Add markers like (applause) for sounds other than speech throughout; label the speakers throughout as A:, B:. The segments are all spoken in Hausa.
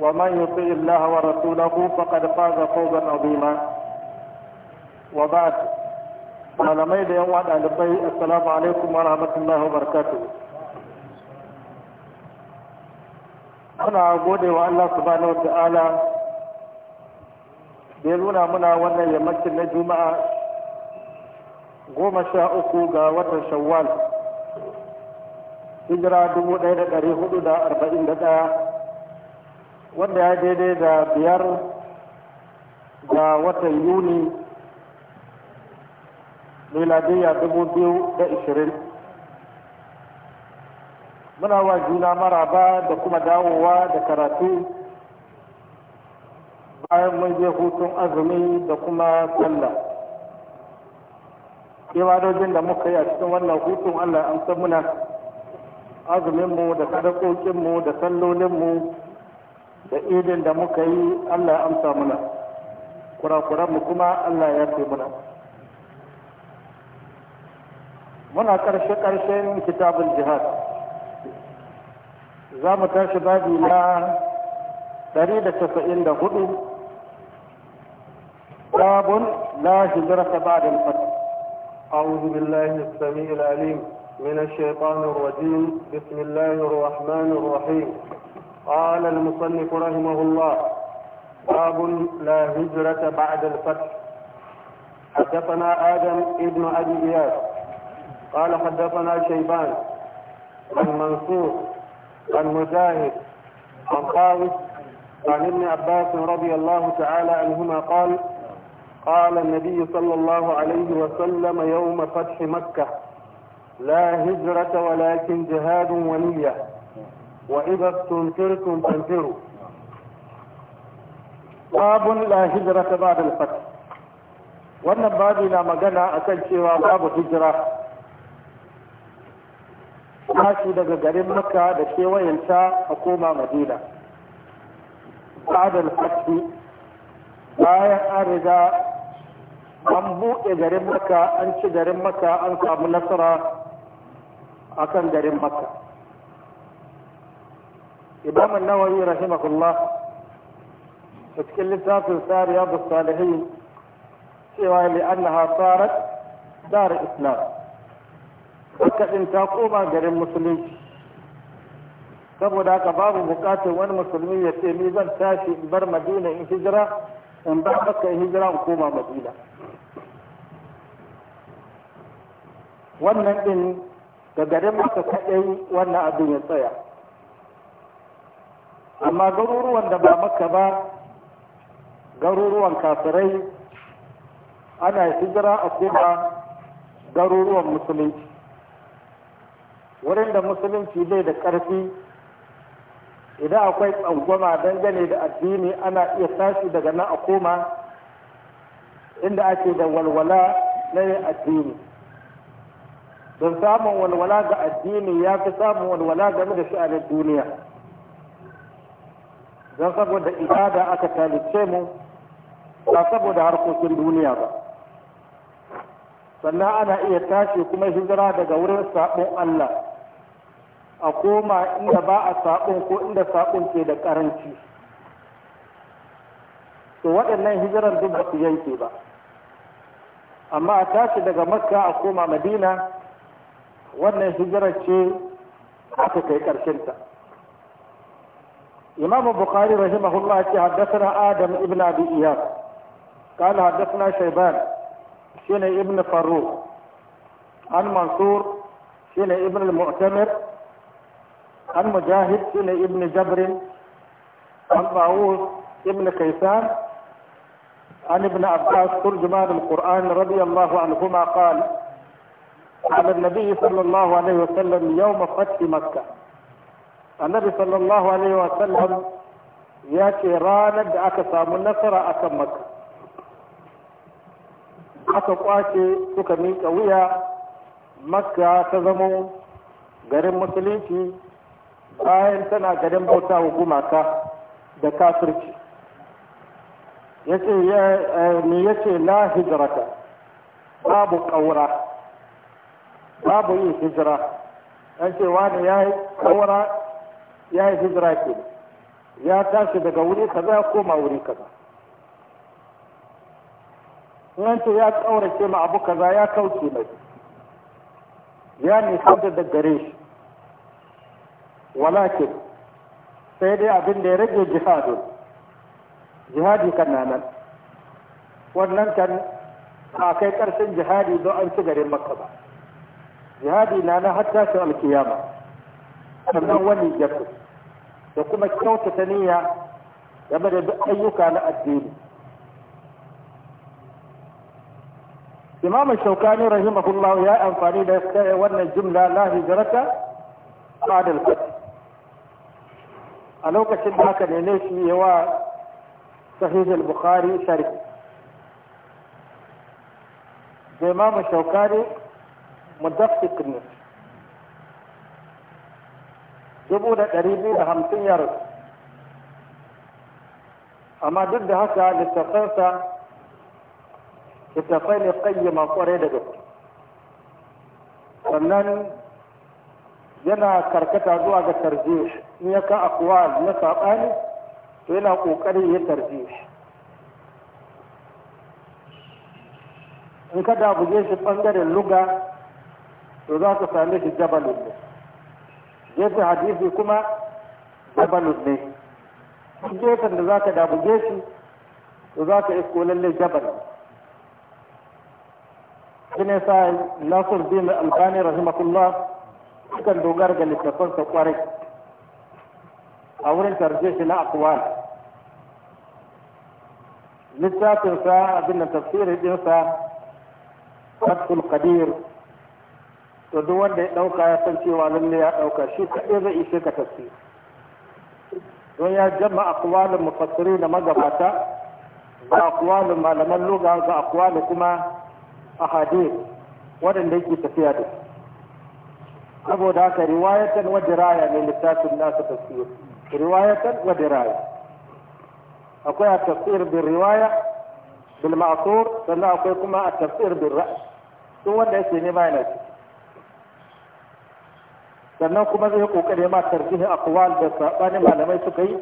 A: ومن يطع الله ورسوله فقد فاز فوزا عظيما وبعد malamai da yan wada alibai assalamu alaikum wa rahmatullahi wa barakatuh muna gode wa Allah subhanahu wa ta'ala da nuna muna wannan yammacin na juma'a goma sha uku ga watan shawwal hijira dubu ɗaya da ɗari hudu da arba'in da ɗaya wanda ya daidai da biyar ga watan yuni miladiyya dubu biyu da ishirin muna wa juna maraba da kuma dawowa da karatu bayan mun je hutun azumi da kuma sallah ibadojin da muka yi a cikin wannan hutun allah an san muna azuminmu da sadakokinmu da sallolinmu da idin da muka yi Allah amsa muna kurakuran mu kuma Allah ya fi muna muna karshe karshen kitabul jihad za mu tashi babi na 194 babun la hijrata ba'da al-fath أعوذ بالله السميع العليم من الشيطان الرجيم بسم الله الرحمن الرحيم قال المصنف رحمه الله باب لا هجرة بعد الفتح حدثنا آدم ابن أبي إياس قال حدثنا شيبان عن منصور عن مجاهد عن قاوس عن ابن عباس رضي الله تعالى عنهما قال قال النبي صلى الله عليه وسلم يوم فتح مكة لا هجرة ولكن جهاد ونية وإذا استنفرتم فانفروا باب لا هجرة بعد الفتح wannan babi na magana akan cewa babu hijira tashi daga garin maka da kewayenta a koma madina ba'adar fatti bayan an riga an buɗe garin maka an ci garin maka an samu nasara akan garin maka. الإمام النووي رحمه الله اتكلمت في سار رياض الصالحين سوى لأنها صارت دار إسلام وكأن تقوم غير المسلمين كبدا كباب مقاتل وان مسلمين يتميزا تاشي بر مدينة انفجرة ان بحبك انفجرة وكوما مدينة وان ان تدرمك كأي وان ادوني طيب amma garuruwan da ba maka ba garuruwan kafirai ana hijira a kuma garuruwan musulunci wurin da musulunci bai da ƙarfi idan akwai tsangwama dangane da addini ana iya tashi daga nan a koma inda ake da walwala na yin addini don samun walwala ga addini ya fi samun walwala game da shi a duniya don saboda ibada aka talice mu ba saboda harkokin duniya ba sannan ana iya tashi kuma hijira daga wurin saɓon Allah a koma inda ba a saɓon ko inda saɓon ke da ƙaranci to waɗannan hijirar duk ba su yanke ba amma a tashi daga makka a koma madina wannan hijirar ce aka kai ƙarshenta. ta إمام البخاري رحمه الله حدثنا آدم ابن أبي إياس قال حدثنا شيبان شين ابن فاروق عن منصور شين ابن المعتمر عن مجاهد شين ابن جبر عن طاووس ابن كيسان عن ابن عباس ترجمان القرآن رضي الله عنهما قال على النبي صلى الله عليه وسلم يوم فتح مكة annabi sallallahu alaihi wa sallam ya ce ranar da aka samu nasara akan maka aka kwace suka miƙa wuya makka ta zama garin musulunci bayan tana garin bauta wa da kafirci yace yace eh, la hijrata babu ƙaura babu yin hijira an ce wani ya yi ƙaura ya yi hijira ke ya tashi daga wuri kaza ya koma wuri kaza in ce ya ƙaurace ma abu kaza ya kauce mai ya nisanta da gare shi walakin sai dai abin da ya rage jihadin jihadi kan nan. wannan kan a kai ƙarshen jihadi don an ci garin makka ba jihadi na na hatta shi alkiyama sannan wani jabu da kuma kyautata niyya game da duk ayyuka na addini imam shaukani rahimahullahu ya amfani da wannan jumla la hijrata ba'da al a lokacin da haka ne shi yawa sahih al-bukhari sharh da imam shaukani mudaffiq ne dubu da ɗari biyu da hamsin yar amma duk da haka littafansa littafai ne kayyama kware da gaske sannan yana karkata zuwa ga tarjih in ya ka akwal na saɓani to yana ƙoƙari ya tarjih in ka dabuje shi ɓangaren luga to za ka same shi jabalin gefen hadisi kuma jabalun ne gefen da zaka ka dabuge shi to za ka isko lallai jabal shi ne sa nasir bin albani rahimahullah sukan dogara ga littafansa kwarai a wurin tarje shi na akwal littafinsa abin da tafsirin dinsa fatul qadir to duk wanda ya ɗauka ya san cewa lalle ya ɗauka shi kaɗai zai ishe ka tafi. don ya jama akwalin mufassiri da magabata ga akwalin malaman lugha ga akwalin kuma ahadith wadanda waɗanda yake tafiya da saboda haka riwayatan wa diraya ne littafin nasa tafsir riwayatan wa diraya akwai a tafsir bin riwaya bil ma'thur sannan akwai kuma a tafsir bin ra'y duk wanda yake nema yana ciki sannan kuma zai kokare ma tarjih aqwal da sabanin malamai suka yi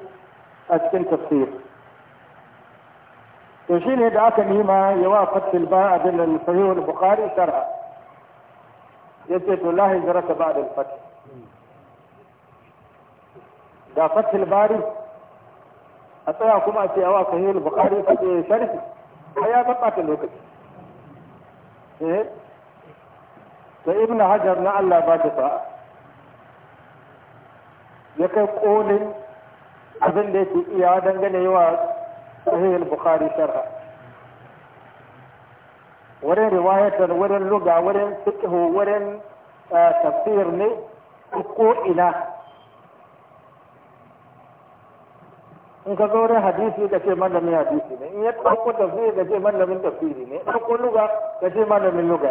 A: a cikin tafsir to shine da aka nima yawa fatil ba abin al sahih al-bukhari sharha yace to lahi zaraka ba'da al-fath da fatil bari a tsaya kuma a ce yawa sahih al-bukhari fadi sharhi ai ya tabbata lokaci eh da ibn hajar na Allah ba ta ya kai kolin abin da yake iya dangane wa sahih al-bukhari sharha wurin riwayatar wurin luga wurin fiqh wurin eh, tafsir ne ko ina in ka zo wurin hadisi ka ce malamin hadisi ne in ya ɗauko tafsiri ka ce malamin tafsiri ne ɗauko luga ka ce malamin luga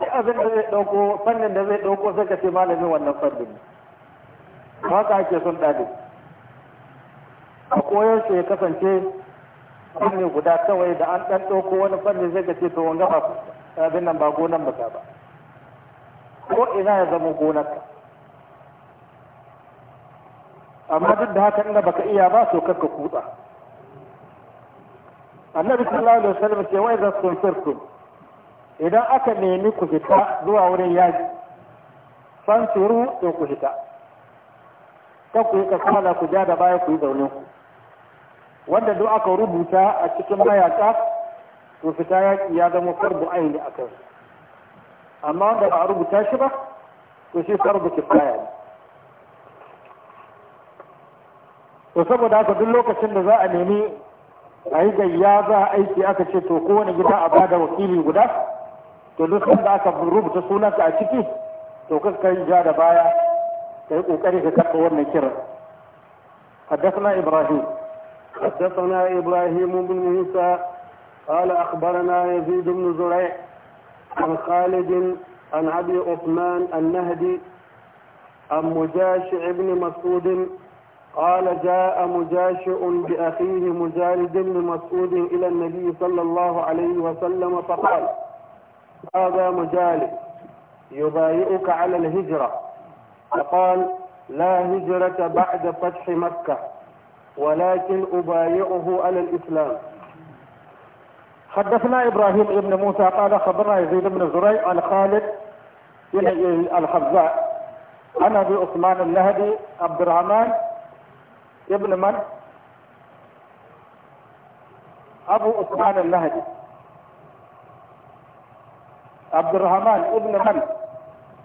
A: ne abin da zai ɗauko fannin da zai ɗauko sai ka ce malamin wannan fannin ne haka ake son ɗalibi a koyarsa ya kasance fanni guda kawai da an ɗan ɗauko wani fanni zai ga to wanga ba abin nan ba gonan ba ba ko ina ya zama ka amma duk da haka ina baka iya ba so karka kutsa annabi sallallahu alaihi wasallam ce wai zan sun idan aka nemi ku fita zuwa wurin yaji fansiru in ku fita kan ku yi kasala ku ja da baya ku yi zaune wanda duk aka rubuta a cikin mayaka to fita yaƙi ya zama farbu aini a kan amma wanda ba a rubuta shi ba to shi farbu kifaya ne to saboda haka duk lokacin da za a nemi a yi gayya za a aiki aka ce to kowane gida a bada wakili guda to duk sanda aka rubuta sunanka a ciki to kai ja da baya kai kokari من karɓa حدثنا إبراهيم حدثنا إبراهيم بن موسى قال أخبرنا يزيد بن زريع عن خالد عن أبي عثمان النهدي عن مجاشع بن مسعود قال جاء مجاشع بأخيه مجالد بن مسعود إلى النبي صلى الله عليه وسلم فقال هذا مجالد يبايعك على الهجرة فقال لا هجرة بعد فتح مكة ولكن أبايعه على الإسلام حدثنا إبراهيم بن موسى قال خبرنا يزيد بن زريع عن خالد الحفزاء عن أبي عثمان النهدي عبد الرحمن ابن من؟ أبو عثمان النهدي عبد الرحمن ابن من؟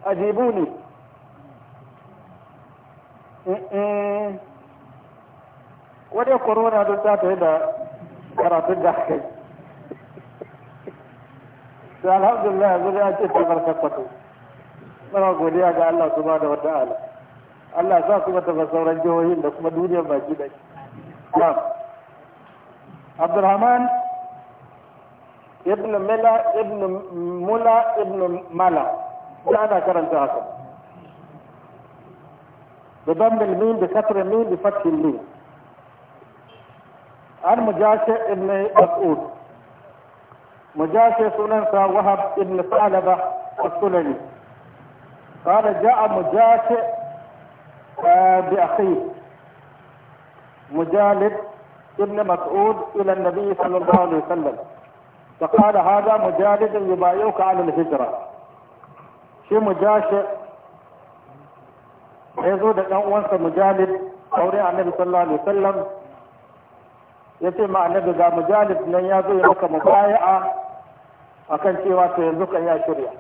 A: أجيبوني wani ya korona don ta ta yi da karatun da aka yi da alhamdulillah yanzu ya ce ta barkakwato muna godiya ga Allah su ba da wata ala Allah za su mata sauran jihohin da kuma duniyar baki da Abdulrahman ibn Mila ibn Mula ibn Mala ya ana karanta haka بضم الميم بكسر الميم بفتح الميم عن مجاشع ابن مسعود مجاشع سننسى وهب ابن ثعلبة السلمي قال جاء مجاشع آه، بأخيه مجالد ابن مسعود إلى النبي صلى الله عليه وسلم فقال هذا مجالد يبايعك على الهجرة شي مجاشع ya zo da ɗan uwansa mujalid aure annabi sallallahu alaihi wasallam ya ce ma annabi ga mujalid nan ya zo ya maka mubaya'a akan cewa to yanzu kan ya shirya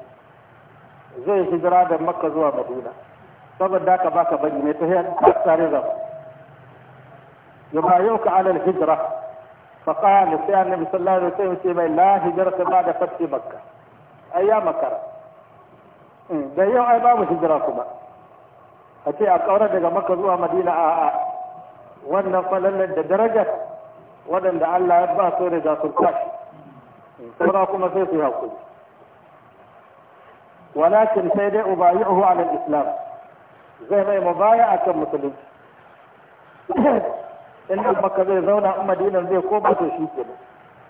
A: zai hijira da makka zuwa madina saboda ka baka bari mai ta tare da يبايعك على الهجرة فقال سيدنا النبي صلى الله عليه وسلم لا هجرة بعد فتح مكة أيام makara hmm, da yau ai babu hijira kuma a ce a ƙaurar daga maka zuwa madina a a wannan falallar da darajar waɗanda Allah ya ba so da jasur kwashi saura kuma sai su haƙuri walakin sai dai ubayi'uhu ala islam zai mai mubaya a kan musulunci (clears throat) in maka zai zauna in madinan zai koma to shi kenan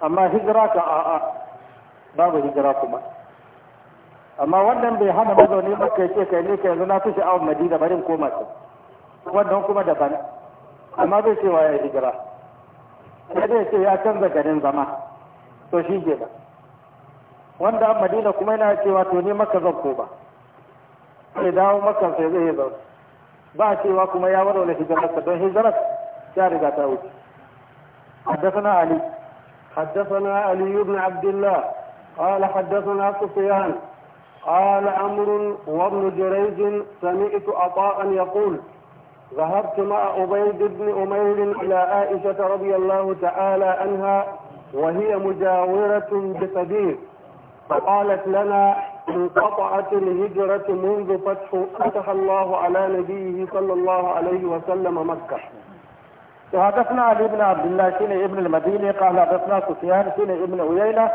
A: amma hijira ka a'a babu hijira kuma amma wannan bai hana mazauni maka ya ce kai ne ka yanzu na fi sha'awar madina barin koma ce wannan kuma daban amma bai cewa ya hijira ya zai ce ya canza garin zama to shi ke ba wanda madina kuma yana cewa to ne maka zan ko ba sai dawo maka sai zai ba ba cewa kuma ya warware hijirarsa don hijirar ya riga ta wuce حدثنا علي حدثنا علي بن عبد الله قال حدثنا سفيان قال عمر وابن جريج سمعت عطاء يقول ذهبت مع عبيد بن أمير إلى عائشة رضي الله تعالى عنها وهي مجاورة بصديق فقالت لنا انقطعت الهجرة منذ فتح فتح الله على نبيه صلى الله عليه وسلم مكة وحدثنا علي بن عبد الله سين ابن المدينة قال حدثنا سفيان سين ابن عيينة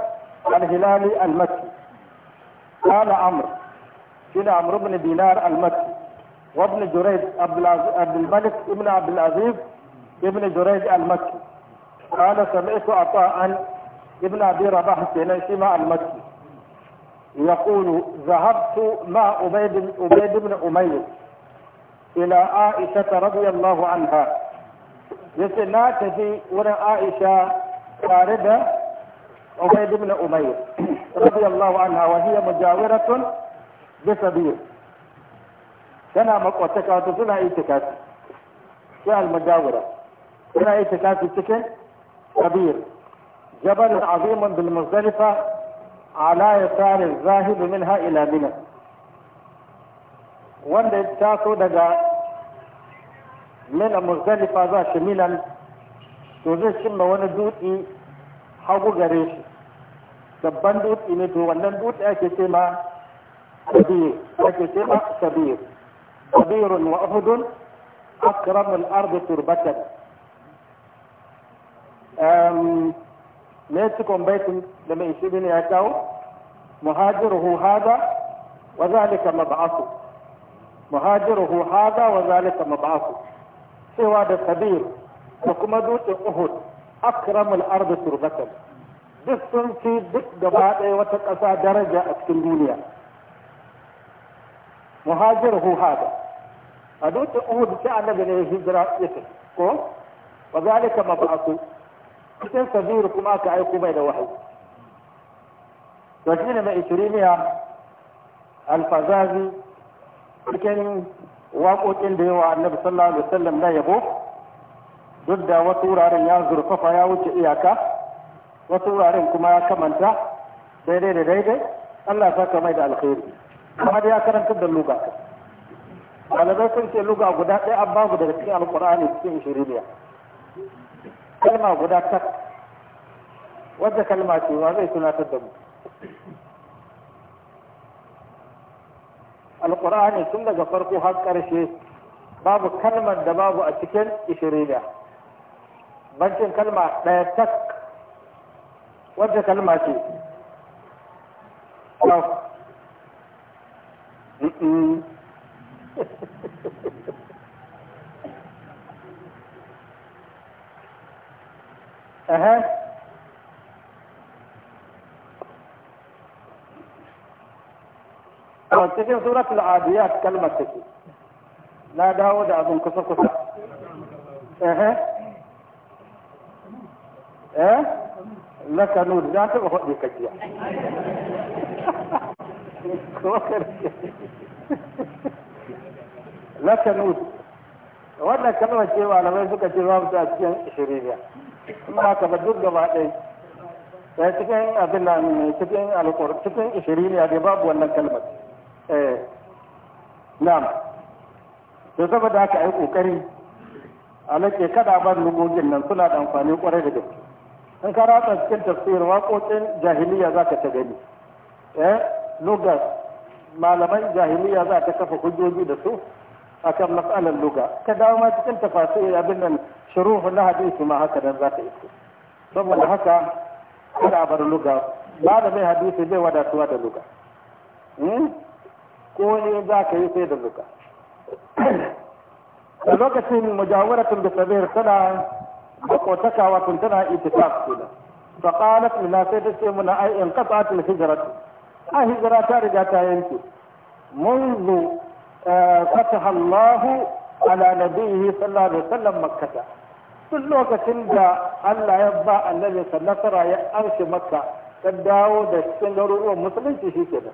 A: هلال المكي قال عمرو كنا عمرو بن دينار المكي وابن جريج عبد الملك ابن عبد العزيز ابن جريج المكي قال سمعت عطاء ابن ابي رباح سينيسيما المكي يقول ذهبت مع عبيد عبيد بن اميه الى عائشه رضي الله عنها يسنا تجي ورا عائشه تارده عبيد بن أمير (clears throat) رضي الله عنها وهي مجاورة بسبيل tana makwataka wata suna itikafi sai almajawira suna itikafi cikin kabir jabal azimun bil muzdalifa ala yasari zahibu minha ila mina wanda ya taso daga mina muzdalifa za shi minan to zai shimma wani dutse hagu gare shi babban dutse ne to wannan dutse ake ce ma kabir ake ce ma kabir kabirun wa uhudun akramul ardi turbatan um ne cikon baitin da mai shi ne ya kawo muhajiruhu hada wa zalika mab'asu muhajiruhu hada wa zalika mab'asu cewa da kabir da kuma dutsen uhud akramul ardi turbatan duk sun fi duk gaba ɗaya wata ƙasa daraja a cikin duniya muhajir hu hada a dukkan uhud sai annabi ne hijira yake ko wa zalika mab'athu cikin sabir kuma ka aiko mai da wahayi to da mai ishiriniya alfazazi cikin waƙoƙin da yawa annabi sallallahu alaihi wasallam na yabo duk da wasu wuraren ya zurfafa ya wuce iyaka wasu wuraren kuma ya kamanta daidai da daidai Allah saka mai da alkhairi kamar ya karanta da luga ɗalibai sun ce luga guda ɗaya an babu daga cikin alkur'ani cikin shirimiya kalma guda ta wadda kalma ce wa zai tunatar da mu alkur'ani tun daga farko har ƙarshe babu kalmar da babu a cikin ishirina bancin kalma ɗaya tak wacce kalma ce Aha. (laughs) a uh-huh. cikin suratul kalmar take na dawo da abin kusa kusa uh-huh. eh laka nun za ta faɗi ka jiya laka wannan kalmar ce malamai suka ce ba mutu a cikin shirya kuma ka ba duk gaba ɗai sai eh, cikin abin nan cikin alƙur cikin shirya dai babu wannan kalmar eh na'am to saboda haka ai kokari a nake kada ban lugogin nan suna da amfani kwarai da gaske in ka ratsa cikin tafsir waƙoƙin jahiliya za ka ta gani eh lugas malaman jahiliya za ta kafa hujjoji da su a kan matsalar luga ka dawo ma cikin tafasir abin nan shuruhu na hadisi ma haka nan za ka isu saboda haka kada bar luga ba da mai hadisi zai wadatuwa da luga hmm? ko ne za ka yi sai da luga a lokacin mujawaratun da sabir tana makotaka wato tana ittifaq kenan fa qalat lana sai ta ce muna ai in qata'at al hijratu a hijira ta riga ta yanke Munzu فتح الله على نبيه صلى الله عليه وسلم Tun lokacin da Allah ya ba annabi nasara ya arshe makka ta dawo da cikin garuruwan musulunci shi ke da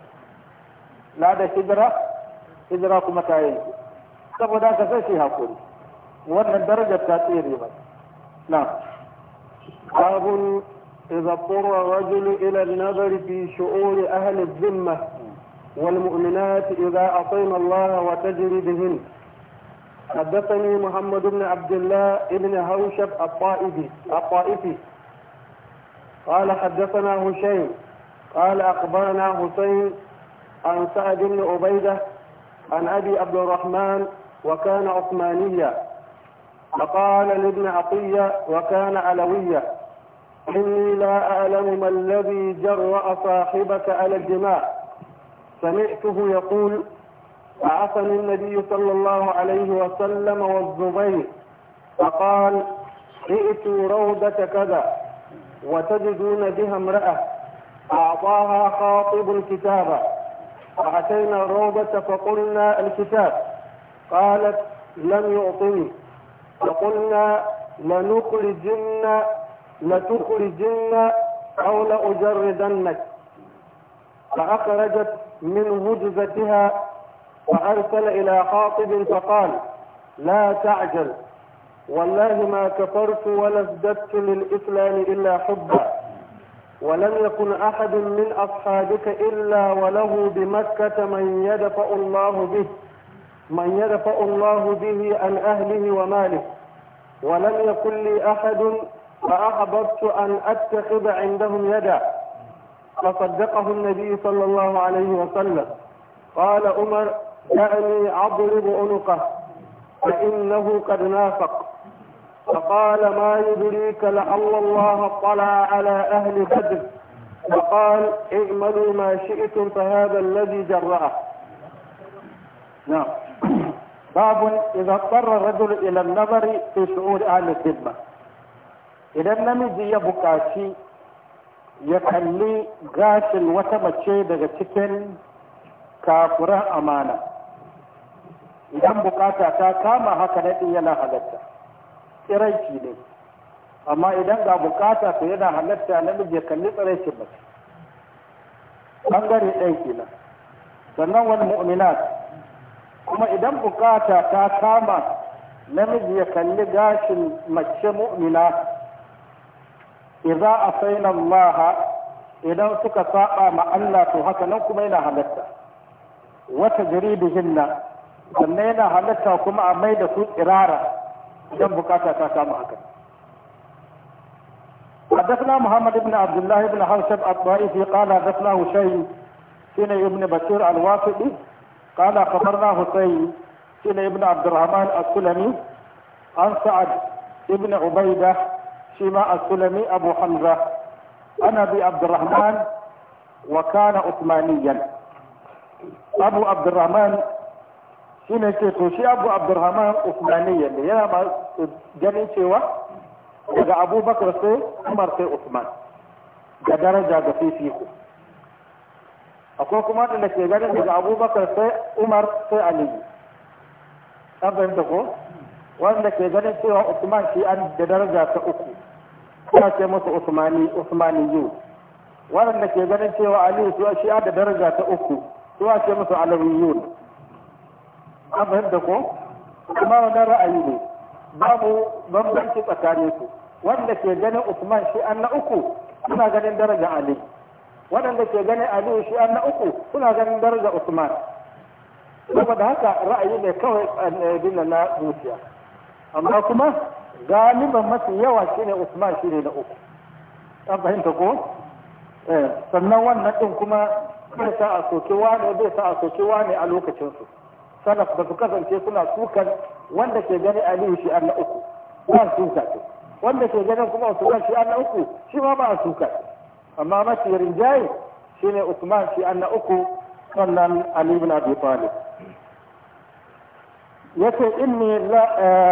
A: la da hijira hijira kuma ta yanke saboda ka sai shi hakuri wannan darajar ta tsere masa نعم باب إذا اضطر الرجل إلى النظر في شؤون أهل الذمة والمؤمنات إذا أطين الله وتجري بهن حدثني محمد بن عبد الله بن هوشب الطائفي الطائفي قال حدثنا هشيم قال أخبرنا حسين عن سعد بن عبيدة عن أبي عبد الرحمن وكان عثمانيا فقال لابن عطية وكان علويا إني لا أعلم ما الذي جرأ صاحبك على الجماع سمعته يقول عصني النبي صلى الله عليه وسلم والزبير فقال ائتوا روضة كذا وتجدون بها امرأة أعطاها خاطب كتابا فأتينا الروضة فقلنا الكتاب قالت لم يعطني فقلنا لنخرجن لتخرجن أو لأجردنك فأخرجت من وجزتها وأرسل إلى خاطب فقال لا تعجل والله ما كفرت ولا ازددت للإسلام إلا حبا ولم يكن أحد من أصحابك إلا وله بمكة من يدفع الله به من يدفأ الله به عن أهله وماله ولم يكن لي أحد فأحببت أن أتخذ عندهم يدا فصدقه النبي صلى الله عليه وسلم قال عمر دعني أضرب عنقه فإنه قد نافق فقال ما يدريك لعل الله اطلع على أهل بدر فقال اعملوا ما شئتم فهذا الذي جرأه نعم باب إذا اضطر الرجل إلى النظر في شؤون أهل الذمة idan namiji ya buƙaci ya kalli gashin wata mace daga cikin kafuran amana idan bukata ta kama haka naɗi yana halatta tsiraici ne amma idan ga bukata ta yana halarta namiji ya kalli tsiraicin mace ɓangare ɗaya kenan sannan wani mu'minat kuma idan bukata ta kama namiji ya kalli gashin mace mu'mina a asaina maha idan suka saba ma Allah to haka nan kuma yana halatta wata hinna, sannan yana halatta kuma a mai da su irara idan bukata ta kama haka حدثنا محمد بن عبد الله بن حرشب الطائفي قال حدثنا هشيم سنة ابن بشير الواسطي قال أخبرنا حسين سئل ابن عبد الرحمن السلمي عن سعد ابن عبيدة شماء السلمي أبو حمزة أنا أبي عبد الرحمن وكان عثمانيا أبو عبد الرحمن shine ce to shi abu abdurrahman usmaniyya ne yana ma ganin cewa daga abubakar sai umar sai usman da daraja ga fifiko akwai kuma waɗanda ke ganin daga abubakar sai umar sai aliyu an fahimta ko wanda ke ganin cewa usman shi an da daraja ta uku kuma ce masa usmani usmani yu wanda ke ganin cewa aliyu cewa shi an da daraja ta uku a ce masa yu an fahimta ko kuma wanda ra'ayi ne babu bambanci tsakanin su wanda ke ganin usman shi an na uku suna ganin daraja aliyu waɗanda ke ganin aliyu shi na uku suna ganin daraja usman saboda haka ra'ayi ne kawai annabi eh, eh, na zuciya amma kuma galiban mafi yawa shine usman shine na uku an fahimta ko eh, sannan wannan din kuma bai sa a soke wane bai sa a soke wane a lokacin su da su kasance suna sukan wanda ke gani aliyu shi na uku ba sun wanda ke ganin kuma usman shi na uku shi ma ba a sukan amma mafi rinjaye shine usman shi an na uku sannan Ali ibn Abi Talib yace inni la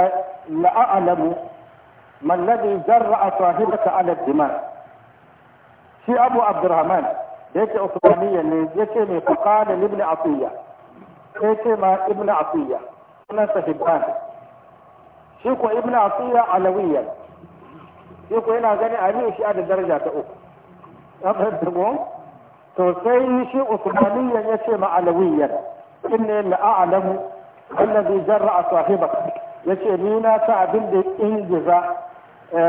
A: eh, a'lamu man alladhi jarra'a sahibaka 'ala dima shi Abu Abdurrahman yace Uthmaniyya ne yace ne fa qala ibn Ya ce ma ibn Atiyya sunan sahibban shi ko ibn Atiyya alawiyya shi ko yana gani Ali shi a da daraja ta uku to sai shi usmaniyan ya ce ma'alawiyan inni la'alamu allazi jarra'a yace ni na ta da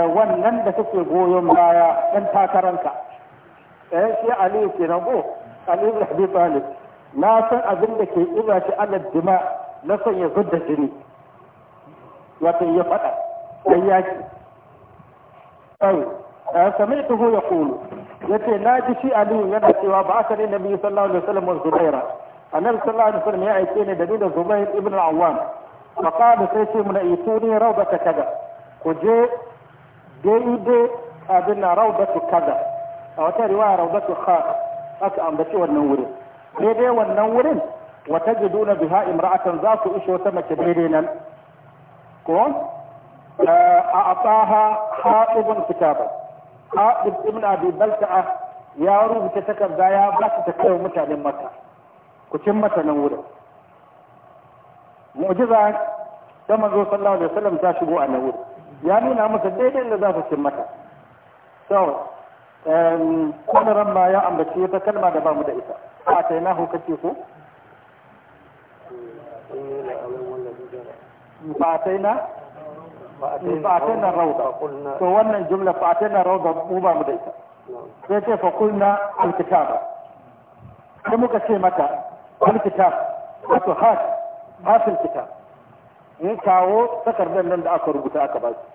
A: wannan da kake goyon baya dan takaranka eh shi ali ali talib na san abin da ke ina shi ala dima na san ya jini wato ya fada yaki yace na ji shi aliyu yana cewa ba aka ne nabi sallallahu alaihi wasallam wa zubaira annabi sallallahu alaihi wasallam ya aike ne da ni da zubair ibn al-awwam fa qala sai ce mun ituni rawdaka kaza ku je daidai abin na rawdatu kaza a wata riwaya rawdatu khas aka ambaci wannan wurin daidai wannan wurin wa tajiduna biha imra'atan za ku isho ta mace daidai nan ko eh, a ataha hatibun kitaban Haɗin ibn Abi Balta'a ya rubuta takarda ya ba ta kai mutanen makka ku cin mata nan wurin mu'jiza ta manzo sallallahu alaihi wasallam ta shigo a nan wurin ya nuna masa daidai da za su cin mata so wani ramma ya ambaci ta kalma da ba mu da ita a ta yana hau kace ko ba ta na. fa'atanna rauda to wannan jumla fa'atanna rauda mu ba mu da ita sai ce fa kulna alkitab sai muka ce mata alkitab wato hat hasil kitab in kawo takardar nan da aka rubuta aka ba su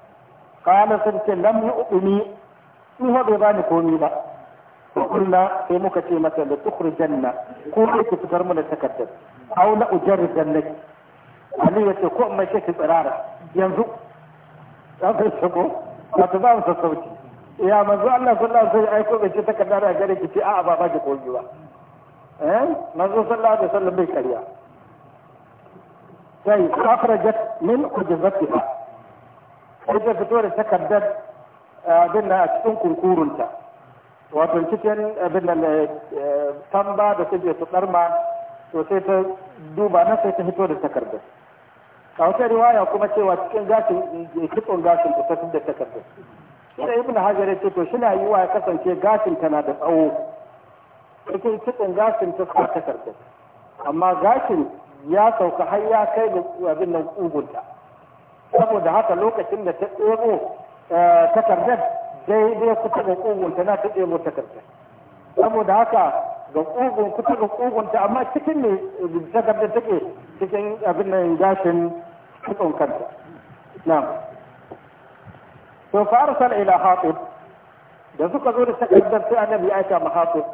A: kana sun ce lam yu'mini in ha bai bani komi ba to kulna sai muka ce mata da tukhrijanna ko ki fitar mu da takardar aw la ujarridannaki Ali ya ce ko mai shi tsirara yanzu an fahimta ko wato ba mu sauki ya manzo Allah sallallahu alaihi wasallam aiko bai ce takarda da gare ki ce a'a ba ba ki koyi ba eh manzo sallallahu alaihi wasallam bai karya sai akhrajat min ujzatiha ita fito da takardar abin nan a cikin kunkurunta wato cikin abin nan tamba da take su darma to sai ta duba na sai ta fito da takardar eh, a wata riwaya kuma cewa cikin gashin cikin eh, gashin ta tafi da takardar da ibn hajar ya ce to shi na yi wa ya kasance gashin tana da tsawo cikin cikin gashin ta sa takardar amma gashin ya sauka har ya kai ga abin nan kugunta saboda haka lokacin da ta tsebo eh, takardar daidai kusa ga kugunta na ta tsebo takardar saboda haka ga kugun kusa ga kugunta amma cikin ne eh, takardar take cikin abin nan gashin kitson kanta na'am to fara arsala ila hatib da suka zo da takardar sai annabi ya aika ma hatib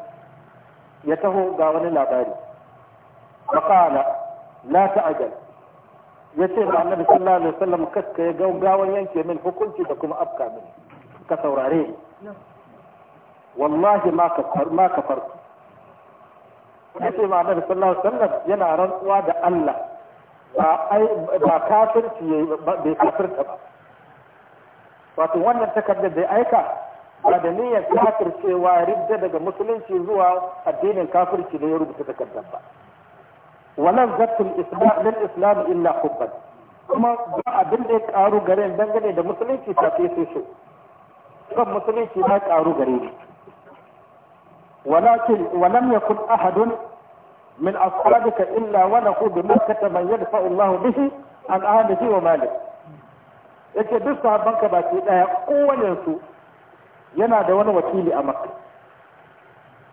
A: ya taho ga wani labari na qala la ta'jal yace da annabi sallallahu alaihi wasallam kaska ya gaugawan yanke min hukunci da kuma afka min ka saurare wallahi ma ka ma ka farko kuma ce ma annabi sallallahu alaihi wasallam yana rantsuwa da Allah ba ai ba kafirci yayi bai kafirta ba wato wannan takardar da aika ba da niyyar kafircewa ridda daga musulunci zuwa addinin kafirci da ya rubuta takardar ba wannan zattul islam lil islam illa hubban kuma ba abin da ya karu gare dangane da musulunci ta sai so son musulunci ba karu gare ne ولكن ولم يكن أحد من أصحابك إلا وله بمكة من يدفع الله به عن أهله وماله yake duk sahabbanka baki daya kowane su yana da wani wakili a makka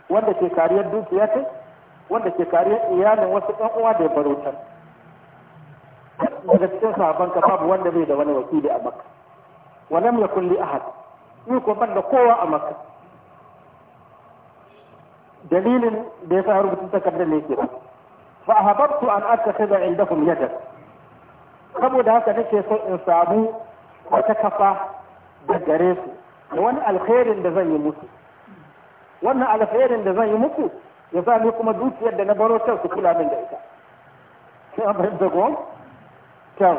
A: wanda ke kariyar dukiya ta wanda ke kariyar iyalin wasu ɗan uwa da ya baro can daga cikin sahabbanka babu wanda bai da wani wakili a makka walam yakun li ahad ni ko ban da kowa a makka dalilin da ya sa rubutun takardar ne ke fa ahbabtu an attakhidha indakum yada saboda haka nake so in samu wata kafa da gare su da wani alkhairin da zan yi musu wannan alkhairin da zan yi musu ya sa ni kuma dukiyar da na baro can su kula min da ita sai an fahimta ko can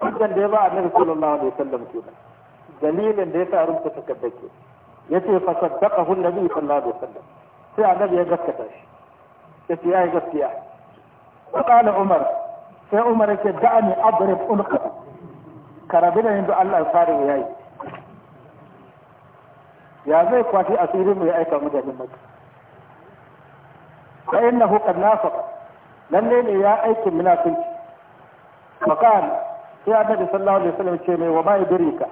A: wannan da ya ba annabi sallallahu alaihi wasallam kenan dalilin da ya sa rubuta takardar ke yace fa saddaqahu annabi sallallahu alaihi wasallam sai annabi ya gaskata shi ya ce yayi gaskiya wa qala umar sai umar yake da'ani adrib ulqa karabi da yanzu Allah ya fara yayi ya zai kwati asirin mu ya aika mu da maka fa innahu qad nafaq lalle ne ya aikin munafiki fa qala sai annabi sallallahu alaihi wasallam ce mai wa ma yudrika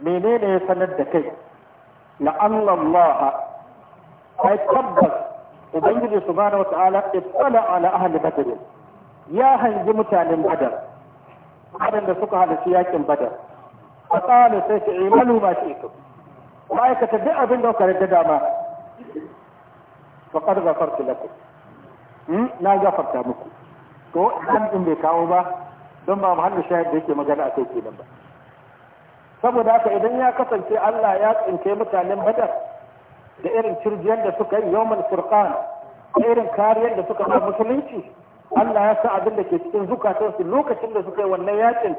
A: menene ya sanar da kai la ai tabbas ubangiji subhanahu wataala ittala ala ahli badr ya hangi mutanen badar waɗanda suka halarci yakin badar fa qala sai ta imalu ma shi'tum wa aikata duk abin da kare da dama qad ghafartu lakum hmm? na gafarta muku to dan din bai kawo ba don ba muhallin shahid da yake magana a kai kenan ba saboda haka idan ya kasance Allah ya tsinke mutanen badar da irin turjiyar da suka yi yawon furqan da irin kariyar da suka yi musulunci Allah ya sa abin da ke cikin zukatansu lokacin da suka yi wannan yakin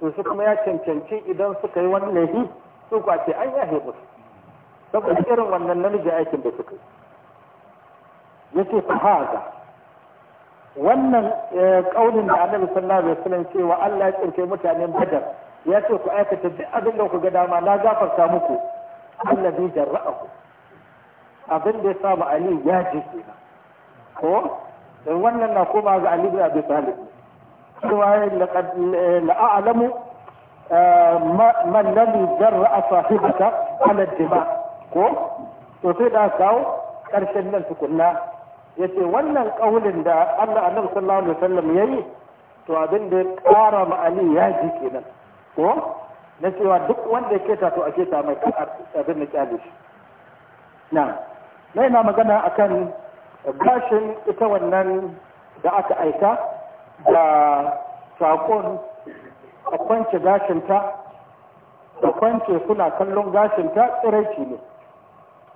A: to su kuma ya cancanci idan suka yi wani laifi su kwace an ya musu saboda irin wannan namiji aikin da suka yi ya ce fa haza wannan kaunin eh, da Annabi sallallahu alaihi wasallam cewa Allah ya kirke mutanen Badar ya ce ku aikata duk abin da ku ga dama na gafarta muku Allah bi jarra'ahu abin da ya saba Ali ya ji kenan ko dan wannan na koma ga Ali bin Abi Talib cewa eh, la'alamu eh, man lam jarra sahibaka ala dima ko to sai da kawo karshen nan tukunna yace wannan kaulin da Allah Annabi sallallahu alaihi wasallam yayi to abin da ya kara ma Ali ya ji kenan ko na cewa duk wanda ya keta to a keta mai kan abin da kyale shi na'am na yana magana a kan gashin ita wannan da aka aika da saƙon a kwance gashinta da kwance kuna kallon gashinta tsiraici ne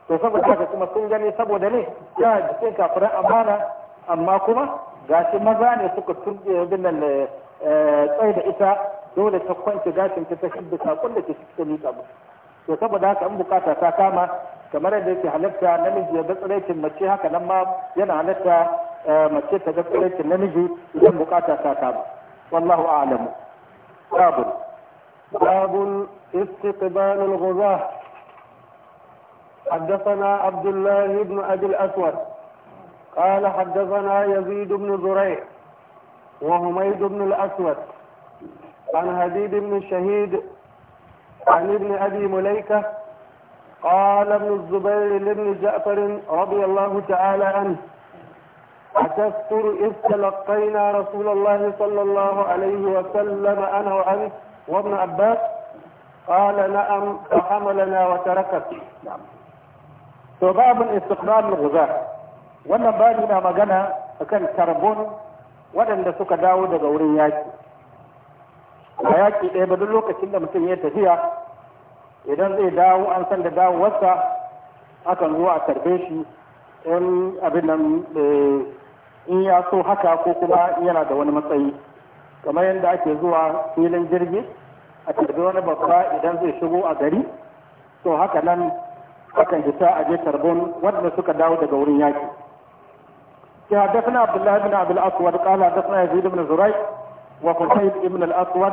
A: to saboda haka kuma sun gani saboda ne yana jikin kafiran amana amma kuma gashi maza ne suka turbe da eh, tsaye da ita dole ta kwance gashinta ta shidda saƙon da ke cikin ba to saboda haka in bukata ta kama kamar yadda yake halitta namiji ya ga tsiraitin mace haka nan ma yana halitta mace ta ga tsiraitin namiji idan bukata ta kama wallahu a'lamu babu babu استقبال الغزاة حدثنا عبد الله بن أبي الأسود قال حدثنا يزيد بن زريع وهميد بن الأسود عن هديد بن شهيد عن ابن أبي مليكة قال ابن الزبير لابن جعفر رضي الله تعالى عنه أتذكر إذ تلقينا رسول الله صلى الله عليه وسلم أنا وأنت وابن عباس قال نعم فحملنا وتركت to babin istiqbalul ghuza wannan babu na magana akan tarbun waɗanda suka dawo daga wurin yaƙi a yaƙi ɗaya ba duk lokacin da mutum ya tafiya idan zai dawo an san da dawowarsa akan zuwa a tarbe shi in abin nan eh, in ya so haka ko kuma yana da wani matsayi kamar yadda ake zuwa filin jirgi a tarbe wani babba idan zai shigo a gari to haka nan akan fita a je tarbon wanda suka dawo daga wurin yaki حدثنا عبد abul aswad qala الاسود yazid حدثنا zurayh wa qutayb ibn al aswad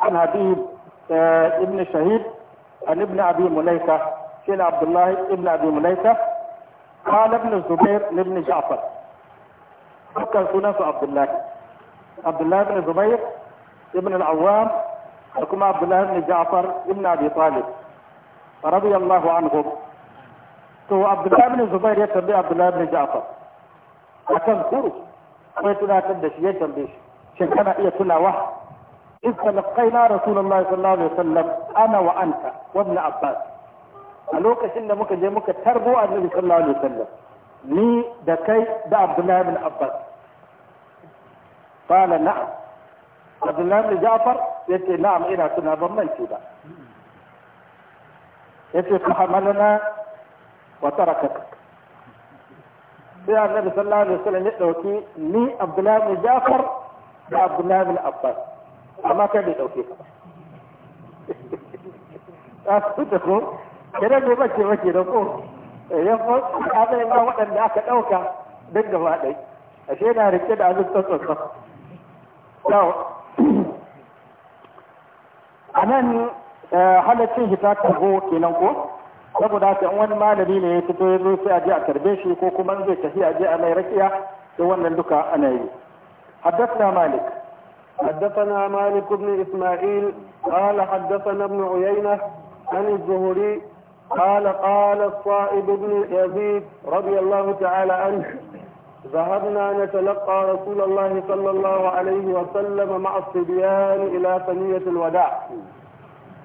A: عن حبيب eh, ibn Shahid. عن ابن أبي مليكة سيدنا عبد الله ابن أبي مليكة قال ابن الزبير لابن جعفر ذكر سنة عبد الله عبد الله بن الزبير ابن العوام وكما عبد الله بن جعفر ابن أبي طالب رضي الله عنهم تو عبد الله بن الزبير يتبع عبد الله بن جعفر أتذكره ويتنا تدش يتبش شكرا إيه كل واحد إذ تلقينا رسول الله صلى الله عليه وسلم أنا وأنت وابن عباس ألوك سنة مكة جي مكة تربو النبي صلى الله عليه وسلم ني دكي دا عبد الله بن عباس قال نعم عبد الله بن جعفر يتي نعم إلى سنة بمن كذا يتي فحملنا وتركتك sai annabi sallallahu alaihi wasallam ya dauki ni Abdullahi bin Jafar da Abdullahi bin Abbas amma kai bai dauke ka ba a fita ko kira ne bace bace da ko ya fa abin ma wadanda aka dauka duk gaba a ashe na rike da abin tsotsotsa a anan eh, halaccin hita ta karbo kenan ko saboda haka wani malami ne ya fito ya zo sai a je a karbe shi ko kuma zai tafi a je a mai rakiya sai wannan duka ana yi حدثنا مالك حدثنا مالك بن إسماعيل قال حدثنا ابن عيينة عن الزهري قال قال الصائب بن يزيد رضي الله تعالى عنه ذهبنا نتلقى رسول الله صلى الله عليه وسلم مع الصبيان إلى ثنية الوداع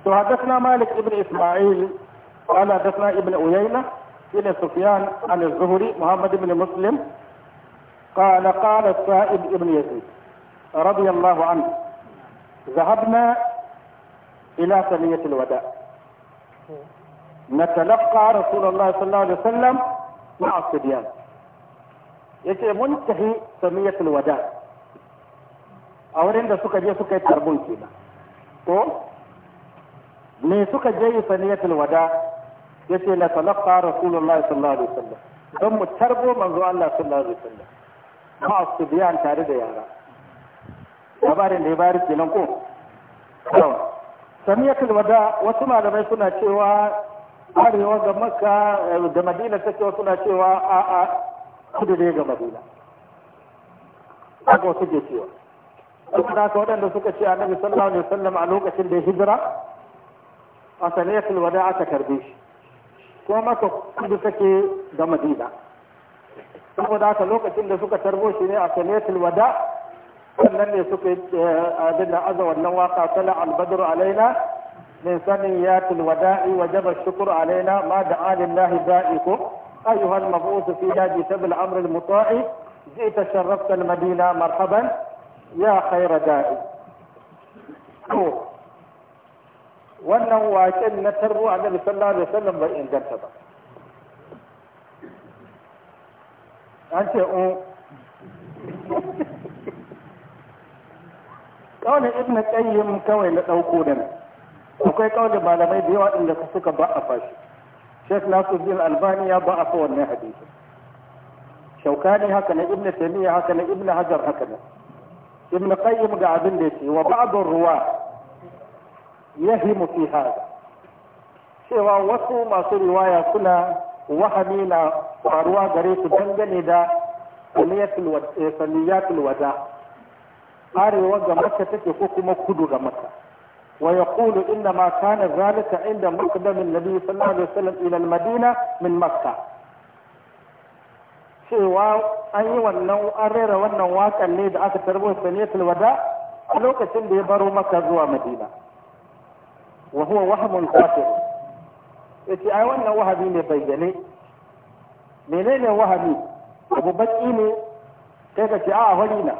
A: وحدثنا مالك بن إسماعيل قال حدثنا ابن عيينة إلى سفيان عن الزهري محمد بن مسلم قال قال الصائب بن يزيد رضي الله عنه ذهبنا الى ثنية الوداع نتلقى رسول الله صلى الله عليه وسلم مع الصبيان يجي منتهي ثنية الوداع أورين سكا جي سكا تربون كينا تو ني سكا جي ثنية الوداع يجي نتلقى رسول الله صلى الله عليه وسلم ثم تربو منذ الله صلى الله عليه وسلم مع الصبيان تاريد يا رب labarin da ya bayar kenan ko samiyatul wada wasu malamai suna cewa arewa ga makka eh, da madina ta cewa suna cewa a a kudu ne ga madina haka wasu ke cewa saboda haka waɗanda suka ce annabi sallallahu alaihi wasallam a lokacin da ya hijira a saniyatul wada aka karbe shi kuma maka kudu take ga madina saboda haka lokacin da suka tarbo shi ne a saniyatul wada لن يسكت أذن أذى والنوى قاتل البدر علينا من سنيات الوداع وجب الشكر علينا ما دعا لله دائكم أيها المبعوث في نادي سب الأمر المطاع جئت شرفت المدينة مرحبا يا خير دائم وانه واشن نتربو على النبي صلى الله عليه وسلم بإن جنسبا أنت kaulin ibn qayyim kawai na dauko da nan akwai kaulin malamai da yawa inda suka ba a fashi Sheikh Nasiruddin Albani ya ba a fa wannan hadisi shaukani haka na ibn taymiya haka na ibn hajar haka na ibn qayyim ga abin da yake wa ba'd ruwa yahimu fi hada cewa wasu masu riwaya suna wahami na faruwa gare su dangane da saniyatul eh, wada arewa ga makka take ko kuma kudu ga makka wa yaqulu inna ma kana zalika inda maqdam annabi sallallahu alaihi wasallam ila al-madina min makka cewa an yi wannan an rera wannan wakan ne da aka tarbo saniyatul wada a lokacin da ya baro makka zuwa madina wa huwa wahmun qatir yace ai wannan wahabi ne bayyane menene wahabi abu baki ne Kai ka ce a wani na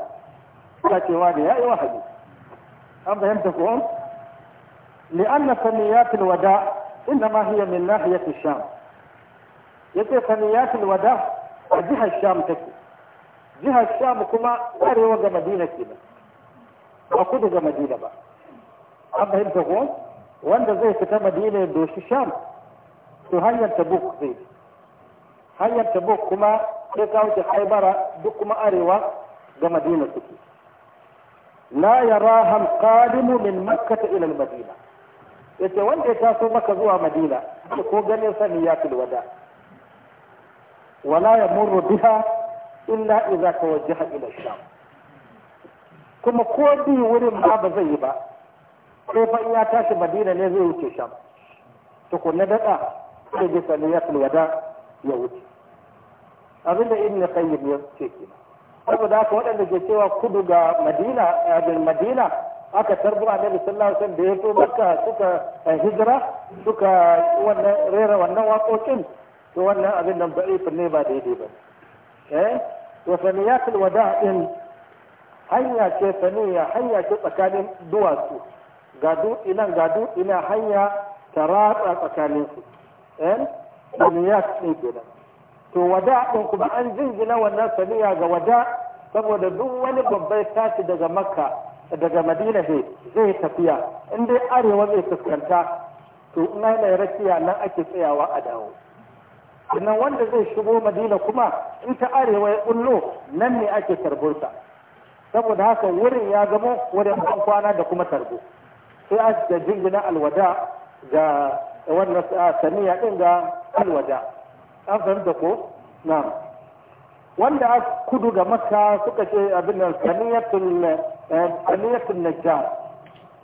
A: suna da ya wahayi an fahimta ko yace saniyatul wada a jihar sham take kudu ga zai fita madina ya doshi sham to hanyar tabuk zai tabuk kuma sai kawo haibara duk ga la yaraha alqadimu min makkah ila madina, yace wanda ya taso maka zuwa madina ko ganin sani ya fi wada wala ya muru biha illa idza tawajjaha ila sham kuma ko bi wurin ma ba zai yi ba ko fa ya tashi madina ne zai wuce sham na daɗa sai ya sani ya wada ya wuce abinda ibn qayyim ya ce kina saboda haka waɗanda ke cewa kudu ga madina abin madina aka tarbu nabi sallallahu alaihi da ya zo makka suka eh, hijira suka wannan rera wannan waƙoƙin to wannan abin nan da'if ne ba daidai ba eh to saniyatul wada din hanya ce saniya hanya ce tsakanin duwatsu ga dutse ina ga ina hanya ta tsakanin su eh saniyat ne kenan to wada ɗin kuma an jingina wannan saniya ga wada saboda duk wani babbai tashi daga makka daga madina ne zai tafiya in dai arewa zai fuskanta to ina yana rakiya nan ake tsayawa a dawo sannan wanda zai shigo madina kuma in ta arewa ya bullo nan ne ake tarbota, saboda haka wurin ya zamo wurin an kwana da kuma tarbo sai a jingina alwada ga wannan saniya ɗin ga alwada an fahimta ko na wanda a kudu da maka suka ce abin da eh, saniyatul najjar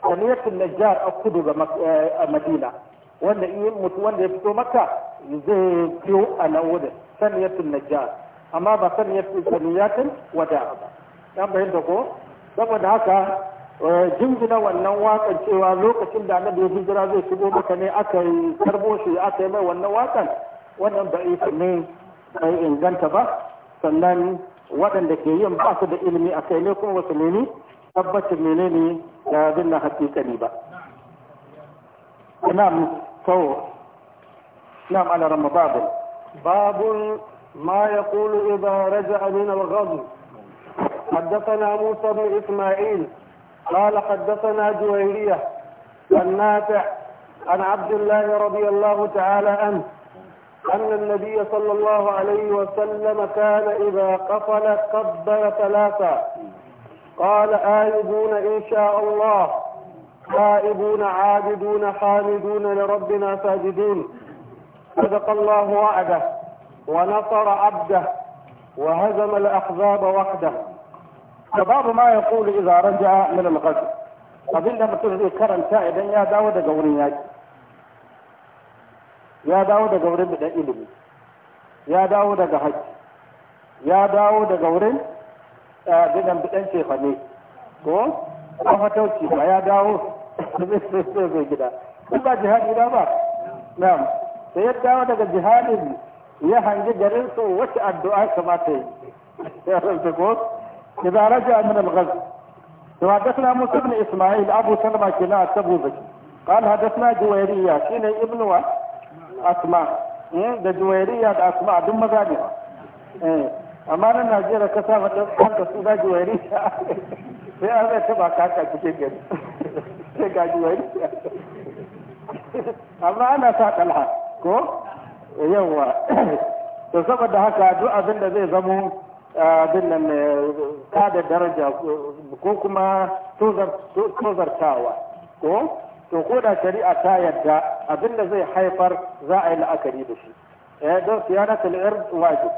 A: saniyatul najjar a kudu da eh, madina wanda in mutu wanda ya fito maka zai kiyo a nan wurin najjar amma ba saniyatul saniyatul wada ba an fahimta ko saboda haka eh, jingina wannan wakan cewa lokacin da annabi ya hijira zai shigo maka ne aka yi karbo shi aka yi mai wannan wakan wannan da'ifin ne bai inganta ba sannan waɗanda ke yin ba su da ilimi a kai ne kuma wasu nemi tabbacin menene da abin na hakikani ba na'am sau na'am ala ramadabin babun ما يقول إذا رجع من الغزو حدثنا موسى بن إسماعيل قال حدثنا جويرية النافع عن عبد الله رضي الله تعالى عنه أن النبي صلى الله عليه وسلم كان إذا قفل قبل ثلاثة قال آيبون إن شاء الله تائبون عابدون حامدون لربنا ساجدون صدق الله وعده ونصر عبده وهزم الأحزاب وحده فبعض ما يقول إذا رجع من الغزو قبل mutum zai كرم سائدا يا داود قولي يا ya dawo daga wurin bidan ilimi ya dawo daga hajji ya dawo daga wurin eh, bidan bidan cefane ko an fatauci ba ya dawo (laughs) zai mai gida kun ba jihadi da ba na'am sai ya dawo daga jihadin ya hangi garin su wacce addu'a kamata yi (laughs) ya rantsa ko إذا رجع من الغزو وحدثنا موسى بن إسماعيل أبو سلمة كنا zaki بكر قال حدثنا جويرية كنا ابن asma eh, da juwairiya da asma duk maza ne eh, amma na najeriya ka sa mata kanka su ga juwairiya (laughs) sai an zai taba kaka cikin gari (laughs) sai ga juwairiya (laughs) amma ana sa talha ko eh, yawa (coughs) to saboda haka duk abin da zai zamo abin nan da daraja ko kuma tozartawa ko to ko da shari'a ta yadda abin da zai haifar za a yi la'akari da shi eh don siyanat al-ird wajib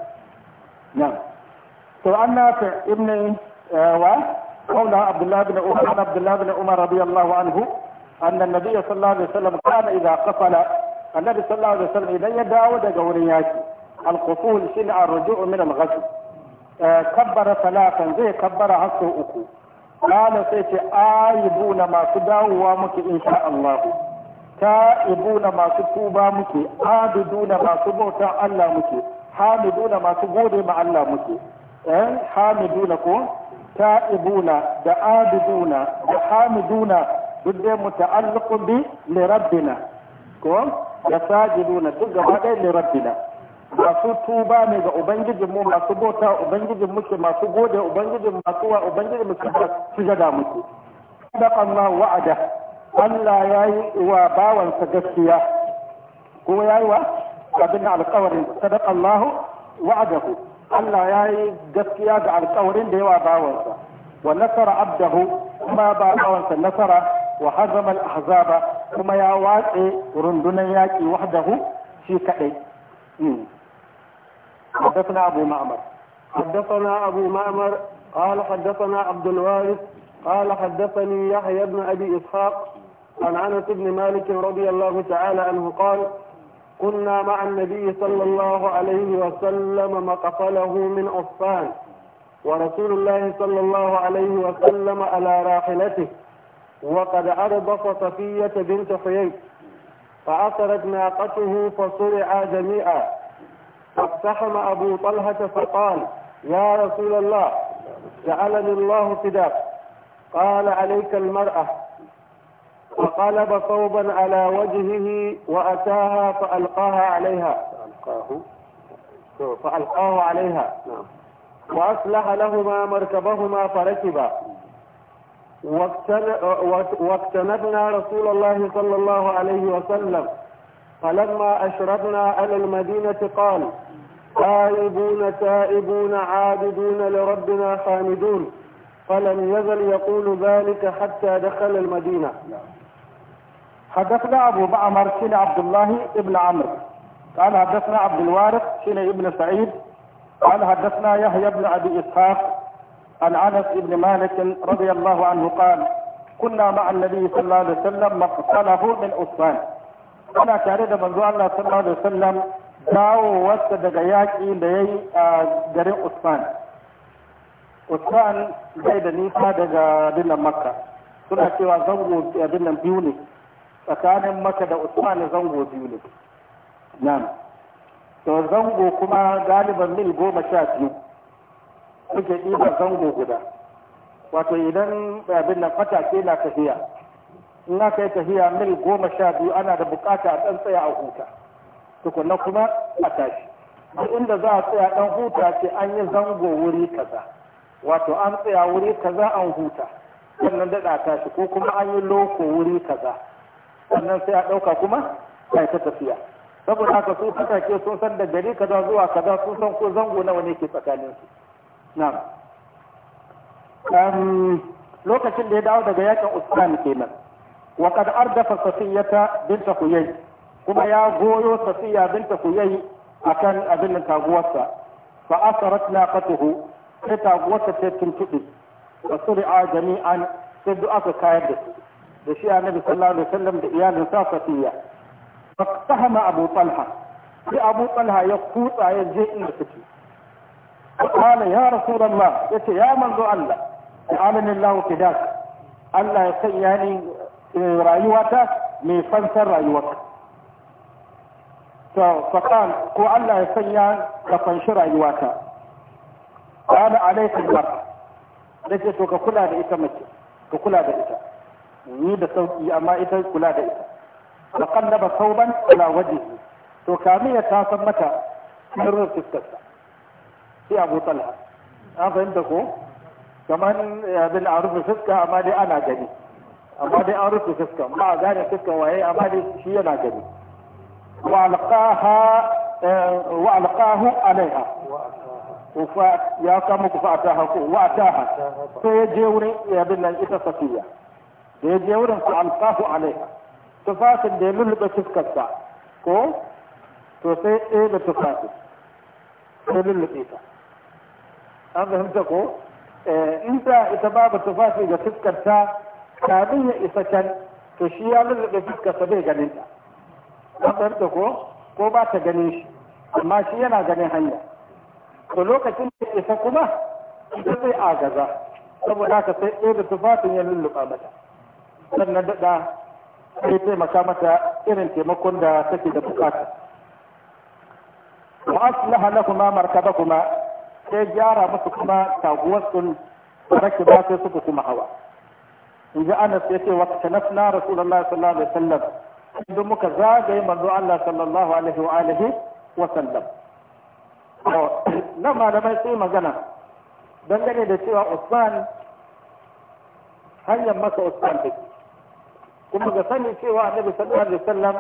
A: nan to anna nafi ibn wa qawla abdullah ibn umar abdullah ibn umar radiyallahu anhu anna an-nabiy sallallahu alaihi wasallam kana idza qafala annabi sallallahu alaihi wasallam idan ya dawo daga wurin yaki al-qutul shine ar-ruju' min al-ghazw kabbara salatan zai kabbara hasu uku kala sai ce ayibuna masu dawowa muke insha Allah ta'ibuna masu tuba muke abiduna masu bautan Allah muke hamiduna masu gode ma Allah muke eh hamiduna ko ta'ibuna da abiduna da hamiduna duk dai muta'alliqu bi li rabbina ko da sajiduna duk gaba ɗaya li rabbina masu tuba ne ga ubangijin mu masu bauta ubangijin mu ke masu gode ubangijin masu wa ubangijin mu su jada muku da Allah wa'ada Allah yayi wa bawansa gaskiya ko yayi wa abin alƙawarin sadaqa Allah wa'adahu Allah yayi gaskiya ga alƙawarin da yawa bawansa wa nasara abdahu kuma ba sa nasara wa hazama al-ahzaba kuma ya watse rundunar yaki wahdahu shi kaɗai. Hmm. حدثنا أبو معمر حدثنا أبو معمر قال حدثنا عبد الوارث قال حدثني يحيى بن أبي إسحاق عن أنس بن مالك رضي الله تعالى عنه قال كنا مع النبي صلى الله عليه وسلم مقفله من أصفان ورسول الله صلى الله عليه وسلم على راحلته وقد عرض صفية بنت حيي فعثرت ناقته فصرعا جميعا فاقتحم أبو طلحة فقال يا رسول الله جعلني الله فداك قال عليك المرأة فقلب صوبا على وجهه وأتاها فألقاها عليها فألقاه فألقاه عليها نعم. وأصلح لهما مركبهما فركبا واقتنبنا رسول الله صلى الله عليه وسلم فلما أشرفنا على المدينة قال تائبون تائبون عابدون لربنا حامدون فلم يزل يقول ذلك حتى دخل المدينة حدثنا أبو معمر سين عبد الله ابن عمرو قال حدثنا عبد الوارث سين ابن سعيد قال حدثنا يحيى بن أبي إسحاق عن أنس بن مالك رضي الله عنه قال كنا مع النبي صلى الله عليه وسلم مقتله من أسفان أنا كان من الله صلى الله عليه وسلم dawowarsa daga yaƙi da ya yi a garin Usman. Usman bai da nisa daga dinan Makka. Suna cewa zango dinan biyu ne. Tsakanin Makka da Usman zango biyu ne. Nan. To zango kuma galiban mil goma sha biyu. Suke ɗiba zango guda. Wato idan abin nan ke na tafiya. In aka yi tafiya mil goma sha biyu ana da bukata a tsaya a huta. tukunna kuma a tashi duk inda za a tsaya dan huta ce an yi zango wuri kaza wato an tsaya wuri kaza an huta sannan daɗa tashi ko kuma an yi loko wuri kaza sannan sai a ɗauka kuma sai ta tafiya saboda haka su ke sun san da gari kaza zuwa kaza sun san ko zango nawa ne ke tsakanin su na'am lokacin da ya dawo daga yakin Usman kenan wa qad ardafa safiyata bint Huyay kuma ya goyo safiya binta kuyai akan abin nan taguwarsa fa asarat naqatuhu sai taguwarsa ta tuntuɗe wa suri'a jami'an sai duk aka kayar da su da shi annabi sallallahu alaihi wasallam da iyalin sa safiya faqtahama abu talha sai abu talha ya kutsa ya je inda suke qala ya rasulullah yace ya manzo Allah ta'alani Allah fidak Allah ya sanya ni eh, rayuwata mai fansar rayuwarka to faqal ko Allah ya sanya ka fanshi rayuwata qala alayka bar nace to ka kula da ita mace ka kula da ita ni da sauƙi amma ita kula da ita wa qallaba sauban ala wajhihi to kamiya ta san mata sirrin fuskarsa sai Abu Talha Na fahimta ko kamar abin a rufe fuska amma dai ana gani amma dai an rufe fuska amma a gane fuska waye amma dai shi yana gani وألقاها آه، وألقاه عليها وفا يا كم فاتها واتاها تيجيوري يا بلا إتفاقية تيجيوري فألقاه عليها تفاصل دليل بتفك الساعة كو تسي إيه بتفاصل دليل بتفك هذا هم تقو إنت إتباب تفاصل بتفك الساعة كامية إسكن تشيال بتفك سبيجا لنتا ɗanɗanta ko ko ba ta ganin shi amma shi yana ganin hanya to lokacin da isa kuma ita zai agaza saboda haka sai ɗaya da tufafin ya lulluɓa mata sannan daɗa sai taimaka mata irin taimakon da take da buƙata. bukata wa aslaha lakuma markabakuma sai gyara musu kuma taguwarsu rake ba sai suka kuma hawa in ji anas ya ce wa kanafna rasulullah sallallahu alaihi wasallam don muka zagaye manzo Allah sallallahu alaihi wa alihi wa sallam nan malamai sai magana dangane da cewa Usman hanyar maka Usman take kuma ga sani cewa Annabi sallallahu alaihi wa sallam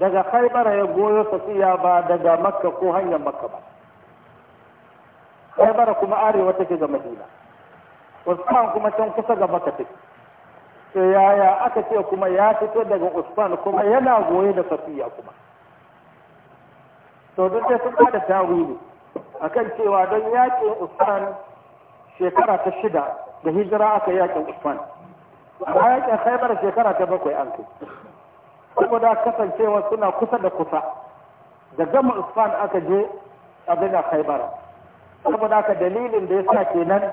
A: daga Khaybar ya goyo safiya ba daga Makka ko hanyar Makka ba Khaybar kuma arewa take ga Madina Usman kuma can kusa ga Makka take yaya aka ce kuma ya fito daga usman kuma yana goye da safiya kuma to duk da sun bada tawili akan cewa don yaƙin usman shekara ta shida da hijira aka yaƙin usman amma yaƙin khaibar shekara ta bakwai an kai saboda kasancewa suna kusa da kusa da gama usman aka je a abin khaibar saboda haka dalilin da ya sa kenan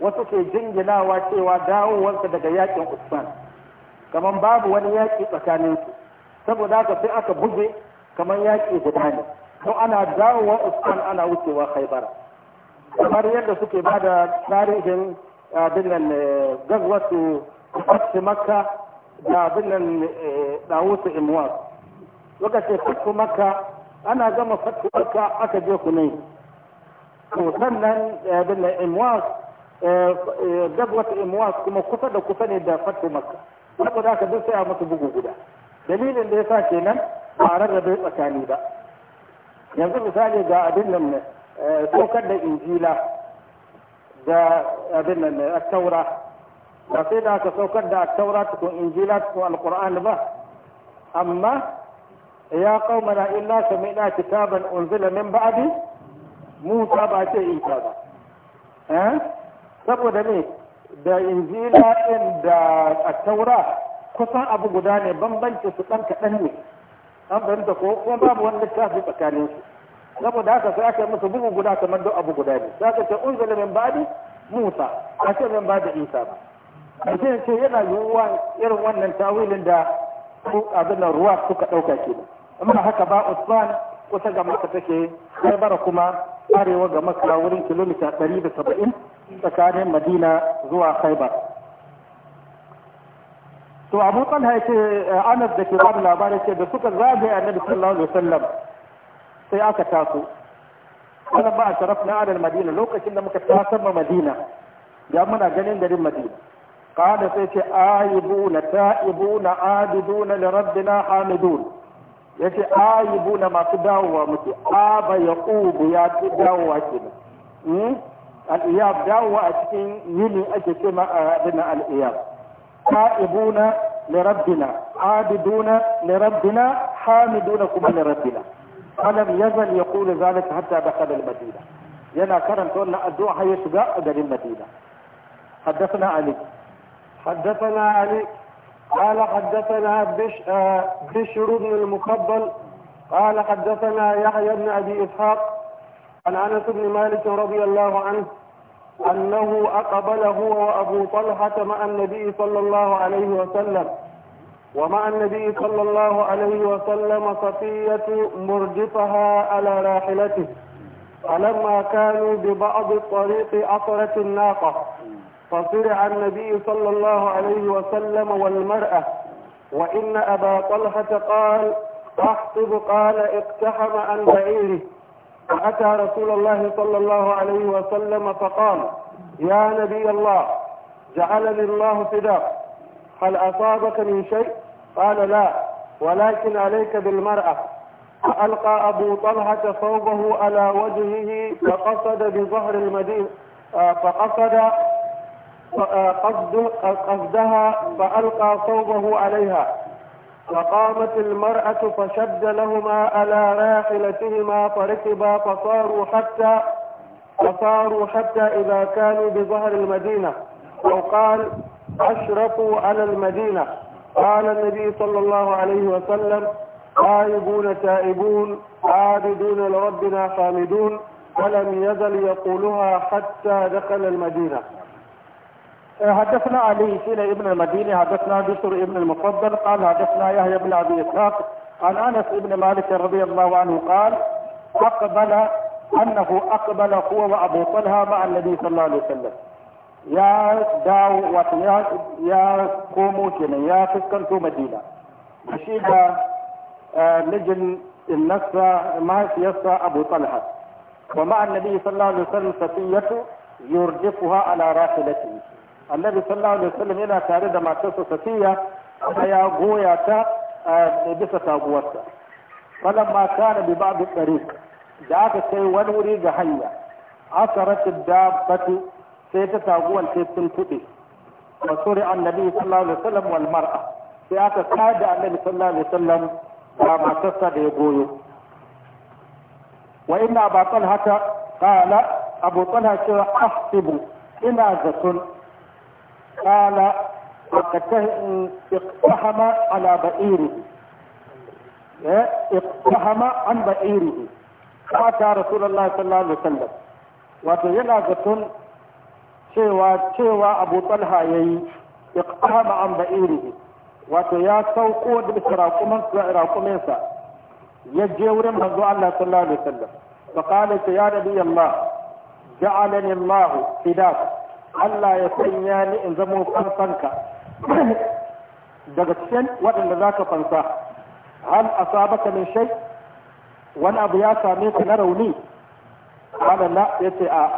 A: wasu ke jinginawa cewa dawowarsa daga yakin Usman kamar babu wani yaƙi tsakanin su saboda haka sai aka buge kamar yaƙi guda ne don ana dawowa Usman ana wucewa Khaibar kamar yadda suke ba da tarihin dinnan eh, gazwatu fatih makka da dinnan eh, dawusu imwas lokacin fatih makka ana gama fatih makka aka je kunai to sannan dinnan eh, imwas dabwat eh, eh, imwas kuma kusa da kusa ne da fatu maka saboda haka duk sai a musu bugu guda dalilin da sa kenan ba a rarrabe tsakani ba yanzu misali ga abin nan eh, saukar da injila da abin nan a taura ba sai da aka saukar da taura tukun injila tukun alkur'ani ba amma ya mana illa sami'na kitaban unzila min ba'di musa ba ce isa ba eh saboda ne da injila ɗin da taura kusan abu guda ne bambanci su ɗan kaɗan ne an fahimta ko kuma babu wani littafi tsakanin su saboda haka sai aka musu bugu guda kamar don abu guda ne sai aka ce unzila min ba'di Musa a ce min ba'di Isa ba mutum ce yana yiwuwa irin wannan tawilin da abin da ruwa suka ɗauka ke amma haka ba Usman kusa ga maka take sai bara kuma arewa ga maka wurin kilomita ɗari da saba'in tsakanin madina zuwa khaibar to abu talha ya ce eh, anas da ke wani labarin ce da suka zagaye annabi sallallahu alaihi wasallam sai aka taso kana ba a sharaf na adal madina lokacin da muka tasar ma madina ya muna ganin garin madina kada sai ce ayibuna ta'ibuna abiduna li rabbina hamidun yace ayibuna masu dawowa muke aba yaqubu ya ci dawowa kenan hmm? الاياب ده واتين يلي اجتمع بنا آه، الاياب تائبون لربنا عابدون لربنا حامدونكم لربنا فلم يزل يقول ذلك حتى دخل المدينه ينا كرم تقولنا الدوع هي شجاع قبل المدينه حدثنا علي حدثنا علي قال حدثنا بش آه، بشر بن المقبل قال حدثنا يحيى بن ابي اسحاق عن أنس بن مالك رضي الله عنه أنه أقبل هو وأبو طلحة مع النبي صلى الله عليه وسلم ومع النبي صلى الله عليه وسلم صفية مرجفها على راحلته فلما كانوا ببعض الطريق أطرت الناقة فصرع النبي صلى الله عليه وسلم والمرأة وإن أبا طلحة قال أحسب قال اقتحم عن بعيره فأتى رسول الله صلى الله عليه وسلم فقال يا نبي الله جعلني الله فداك هل أصابك من شيء قال لا ولكن عليك بالمرأة فألقى أبو طلحة صوبه على وجهه فقصد بظهر المدينة آه، فقصد آه، قصدها فألقى صوبه عليها وقامت المرأة فشد لهما على راحلتهما فركبا فصاروا حتى فصاروا حتى إذا كانوا بظهر المدينة أو قال أشرفوا على المدينة قال النبي صلى الله عليه وسلم آيبون تائبون عابدون لربنا خالدون ولم يزل يقولها حتى دخل المدينة آه، حدثنا علي سيل ابن المديني حدثنا بشر ابن المفضل قال حدثنا يحيى بن ابي اسحاق عن انس بن مالك رضي الله عنه قال اقبل انه اقبل هو وابو طلحه مع النبي صلى الله عليه وسلم يا داو ويا يا قوموا كنا يا فسكنتو مدينه أشيد آه، نجن النصر ما يسا أبو طلحة ومع النبي صلى الله عليه وسلم سفيته يرجفها على راحلته annabi sallallahu alaihi wasallam yana tare da matarsa safiya kuma ya goya ta a eh, bisa taguwarsa ma kana bi ba'd tariq da aka kai wani wuri ga hanya asarat dabbatu sai ta taguwar sai tuntuɓe wa suri annabi sallallahu alaihi wasallam wal mar'a sai aka kada annabi sallallahu alaihi wasallam da matarsa da ya goyo wa inna ba talha ta qala abu talha cewa ahsibu ina zaton قال اقتحم على بئيره اقتحم عن بئيره فأتى رسول الله صلى الله عليه وسلم wato yana zaton cewa cewa abu talha ya yi iqtahama an ba'irihi wato ya sauko da bisa raƙuminsa ya je wurin manzo Allah sallallahu alaihi wasallam fa qala ya nabi Allah ja'alani Allah fidak Allah ya sanya ni in zamo ka. daga cikin waɗanda za ka fansa hal a asabaka min shai wani abu ya same ka na rauni qala ya ce a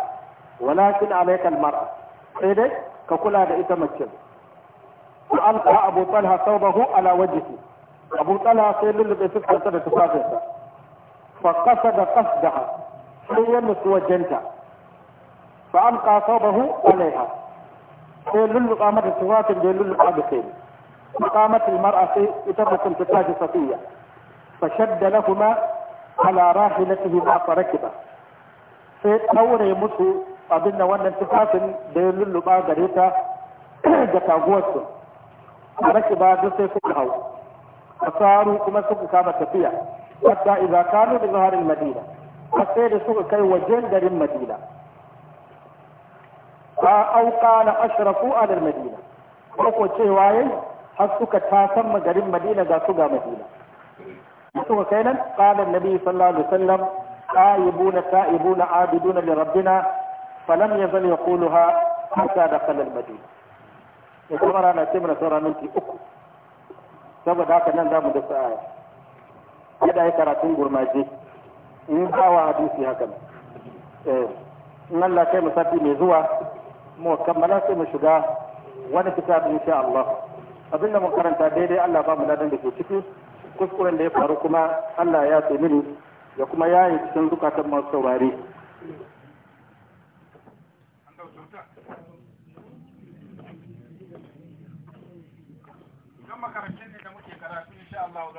A: walakin alaikal mara? sai dai ka kula da ita mace an ka abu talha thawbahu ala wajhihi abu talha sai lullube fuskarsa da tufafinsa fa da qasdaha sai ya nufi wajenta فألقى صوبه عليها خير للمقامات الصفات الجيل للقابسين فقامت المرأة في اتبت انتقاج صفية فشد لهما على راحلتهما فركبا في أول يمسه أبنى وأن انتقاس ديل للبا دريتا (clears throat) جتا غوث فركبا جسي فقهو فصاروا كما سوق صفية حتى إذا كانوا بظهر المدينة فسير سوق كي وجين دري المدينة ba au qala ashrafu ala madina ko cewa yayi har suka san garin madina ga su ga madina suka kai nan qala nabi sallallahu alaihi wasallam qaibuna taibuna abiduna li rabbina falam yazal yaquluha hatta dakhala al-madina ya kuma rana ce mana sauran minti uku saboda haka nan zamu da sa'a yadda ya karatun gurmaje in ba wa hadisi haka eh in Allah kai mu mai zuwa mu kammala sai mu shiga wani kitabu insha Allah abin da mun karanta daidai Allah ba mu ladan da ke ciki kuskuren da ya faru kuma Allah ya ce mini ya kuma yayi cikin zukatan masu saurari makarantar ne muke Allah